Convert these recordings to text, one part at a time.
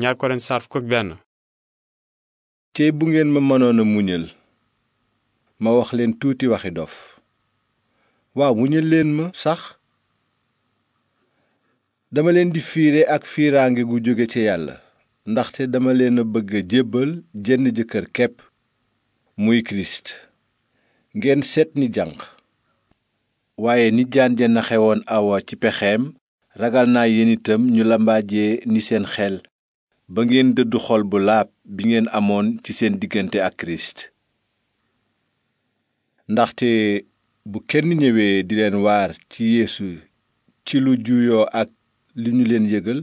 ñaar Korent saar fukk bu ngeen ma mënoon a muñal ma wax leen tuuti waxi dof waaw muñal leen ma sax dama leen di fiire ak fiiraange gu jóge ci yàlla ndaxte dama leen a bëgg a jébbal jenn jëkkër képp muy kirist ngeen seet ni janq waaye ni jaan jenn xewoon awa ci pexeem ragal naa yéen itam ñu lambaajee ni seen xel ba ngeen dëddu xol bu laab bi ngeen amoon ci seen diggante ak kirist ndaxte bu kenn ñëwee di leen waar ci yeesu ci lu juyoo ak li ñu leen yëgal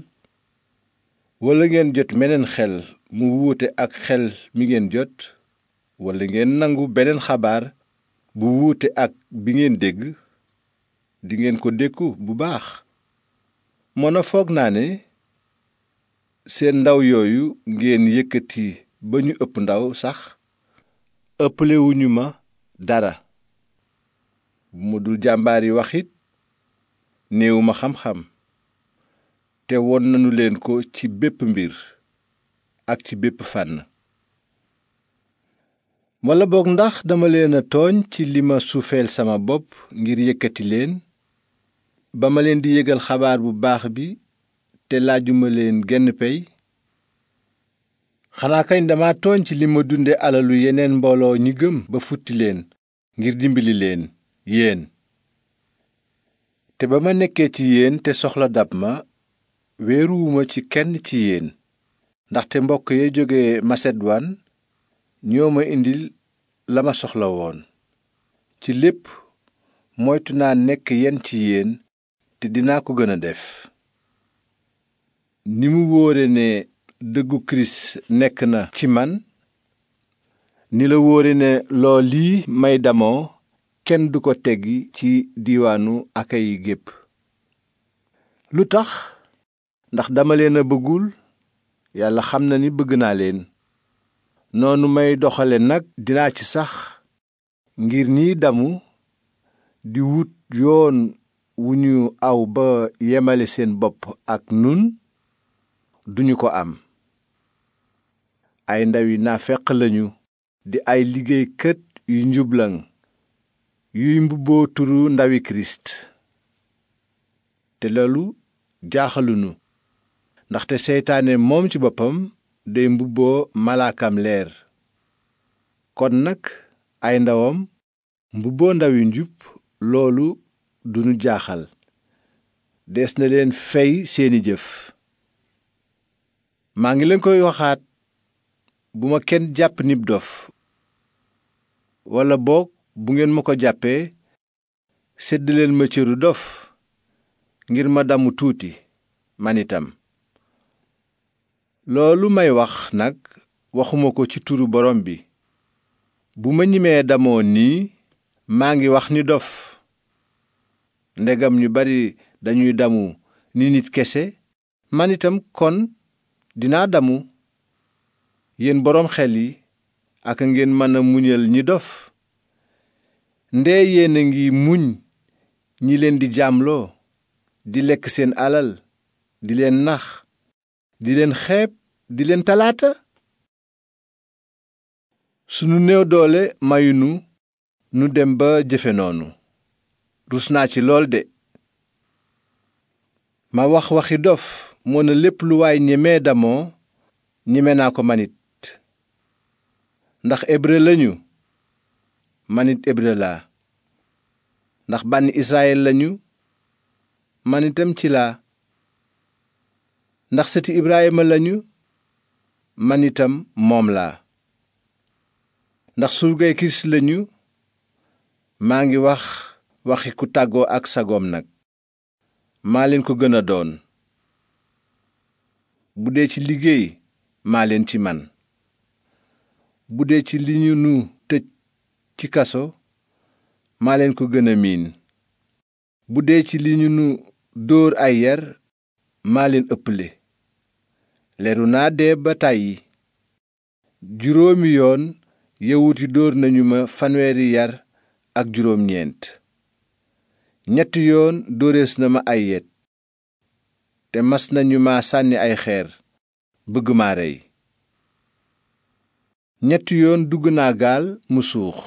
walla ngeen jot meneen xel mu wuute ak xel mi ngeen jot walla ngeen nangu beneen xabaar bu wuute ak bi ngeen dégg dingeen ko dékku bu baax mona foog naa ne seen ndaw yooyu ngeen yëkkati ba ñu ëpp ndaw sax ëpplewuñu ma dara bu ma dul jàmbaar yi wax it xam-xam te won nañu leen ko ci bépp mbir ak ci bépp fànn walla boog ndax dama leen a tooñ ci li ma suufeel sama bopp ngir yëkkati leen ba ma leen di yëgal xabaar bu baax bi te laajuma leen genn pey xanaa kañ dama tooñ ci li ma dunde alalu yeneen mbooloo ñi gëm ba futti leen ngir dimbali leen yéen te ba ma nekkee ci yéen te soxla dab ma weeruwuma ci kenn ci yéen ndaxte mbokk ya jóge maseduwaan ñoo ma indil la ma soxla woon ci lépp moytu naa nekk yenn ci yéen te dinaa ko gën a def ni mu wóore ne dëggu kirist nekk na ci man ni la wóore ne loo lii may damoo kenn du ko teggi ci diiwaanu akayi gépp lu tax ndax dama leen a bëggul yàlla xam na ni bëgg naa leen noonu may doxale nag dinaa ci sax ngir nii damu di wut yoon wu ñu aw ba yemale seen bopp ak nun duñu ko am ay ndaw yi naafeq lañu di ay liggéeykët yu njublaŋ yuy mbubboo turu ndawi kirist te loolu jaaxalunu ndaxte seytaane moom ci boppam day mbubboo malaakam leer kon nag ay ndawam mbubboo ndawi njub loolu duñu jaaxal des na leen fey seeni jëf maa ngi leen koy waxaat bu ma kenn jàpp nib dof walla boog bu ngeen ma ko jàppee séddaleen ma cëru dof ngir ma damu tuuti man itam loolu may wax nag waxuma ko ci turu borom bi bu ma ñimee damoon nii maa ngi wax ni dof ndegam ñu bari dañuy damu ni nit kese man itam kon dinaa damu yéen boroom xel yi aka ngeen mën a muñal ñi dof ndee yéen a ngi muñ ñi leen di jaamloo di lekk seen alal di leen nax di leen xepp di leen talaata sunu néew doole mayunu nu dem ba jëfe noonu rus naa ci lool de ma wax waxi dof moo ne lépp lu waay ñemee damoo ñeme naa ko manit ndax hébreu lañu manit hébreu laa ndax bànni israyil lañu man itam ci laa ndax sëti ibrahima lañu man itam moom laa ndax surgay kirist lañu maa ngi wax waxi ku tàggoo ak sagoom nag maa leen ko gën a doon bu dee ci liggéey maa leen ci man bu dee ci li ñu nu tëj ci kaso maa leen ko gën a miin bu dee ci li ñu nu dóor ay yar maa leen ëpple leru naa dee ba tàyyi juróomi yoon yawut dóor nañu ma fanweeri yar ak juróom ñeent ñetti yoon dóorees na ma ay yet te mas nañu ma sànni ay xeer bëgg ma rey ñetti yoon dugg naa gaal mu suux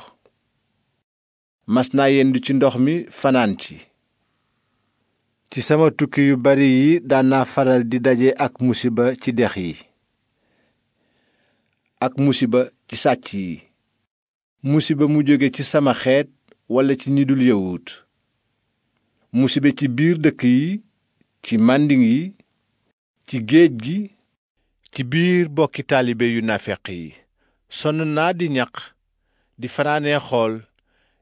mas naa yendu ci ndox mi fanaan ci ci sama tukki yu bari yi daan naa faral di daje ak musiba ci dex yi ak musiba ci sàcc yi musiba mu jóge ci sama xeet walla ci ñi dul musiba ci biir dëkk yi ci màndiŋ yi ci géej gi ci biir bokki taalibe yu nafeq yi sonn naa di ñaq di fanaane xool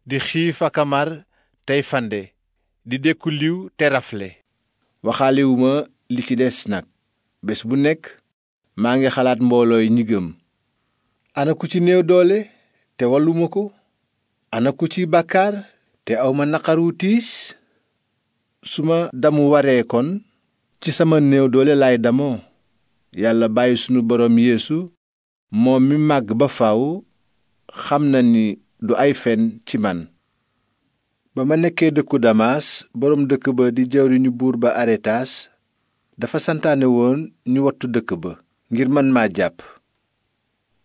di xiif ak a mar tey fande di dekku liw te rafle waxaalewuma li ci des nag bés bu nekk maa ngi xalaat mboolooy ñi gëm ana ku ci néew doole te walluma ko ana ku ci bàkkaar te awma naqaru tiis su ma damu waree kon ci sama néew doole laay damoo yàlla bàyyi sunu boroom yéesu moom mi màgg ba faw xam na ni du ay fen ci man ba ma nekkee dëkku damaas boroom dëkk ba di jawriñu buur ba aretaas dafa santaane woon ñu wottu dëkk ba ngir man maa jàpp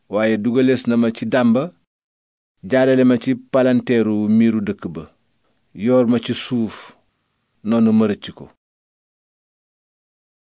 waaye dugalees na ma ci dàmba jaarale ma ci palanteeru miiru dëkk ba yoor ma ci suuf noonu ma rëcc ko